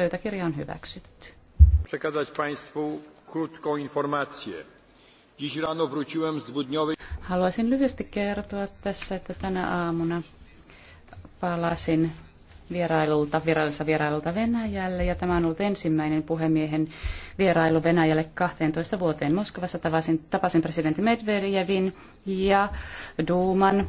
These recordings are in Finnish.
Pöytäkirja on hyväksytty. Przekazać Państwu krótką informację. Dziś rano wróciłem z dwudniowej... Haluaisin lyhyesti kertoa tässä, että tänä aamuna palasin vierailulta, virallisessa vierailulta Venäjälle ja tämä on ollut ensimmäinen puhemiehen vierailu Venäjälle 12 vuoteen. Moskovassa tapasin, tapasin presidentti Medvedevin ja Duuman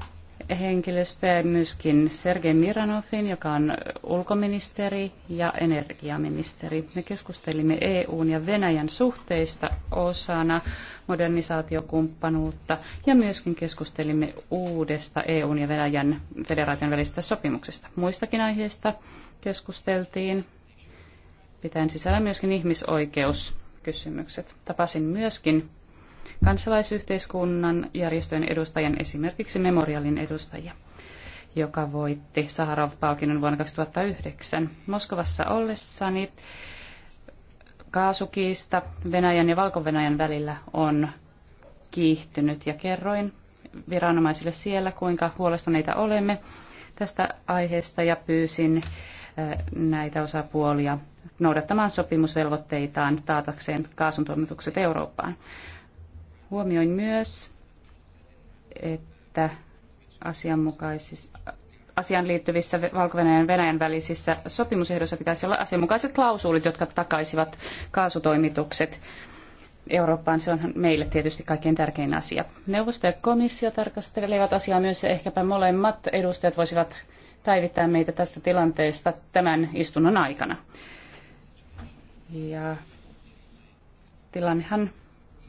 henkilöstöä, myöskin Sergei Miranovin, joka on ulkoministeri ja energiaministeri. Me keskustelimme EUn ja Venäjän suhteista osana modernisaatiokumppanuutta ja myöskin keskustelimme uudesta EUn ja Venäjän federaation välisestä sopimuksesta. Muistakin aiheista keskusteltiin, pitäen sisällä myöskin ihmisoikeuskysymykset. Tapasin myöskin kansalaisyhteiskunnan järjestöjen edustajien, esimerkiksi Memorialin edustajia, joka voitti Saharov-palkinnon vuonna 2009. Moskovassa ollessani kaasukiista Venäjän ja valko -Venäjän välillä on kiihtynyt ja kerroin viranomaisille siellä, kuinka huolestuneita olemme tästä aiheesta ja pyysin eh, näitä osapuolia noudattamaan sopimusvelvoitteitaan taatakseen kaasuntoimitukset Eurooppaan. Huomioin myös, että asian liittyvissä Valko-Venäjän ja Venäjän välisissä sopimusehdoissa pitäisi olla asianmukaiset klausuulit, jotka takaisivat kaasutoimitukset Eurooppaan. Se on meille tietysti kaikkein tärkein asia. Neuvosto ja komissio tarkastelevat asiaa myös ja ehkäpä molemmat edustajat voisivat päivittää meitä tästä tilanteesta tämän istunnon aikana. Ja tilannehan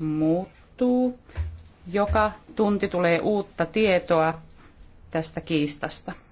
muuttuu. Joka tunti tulee uutta tietoa tästä kiistasta.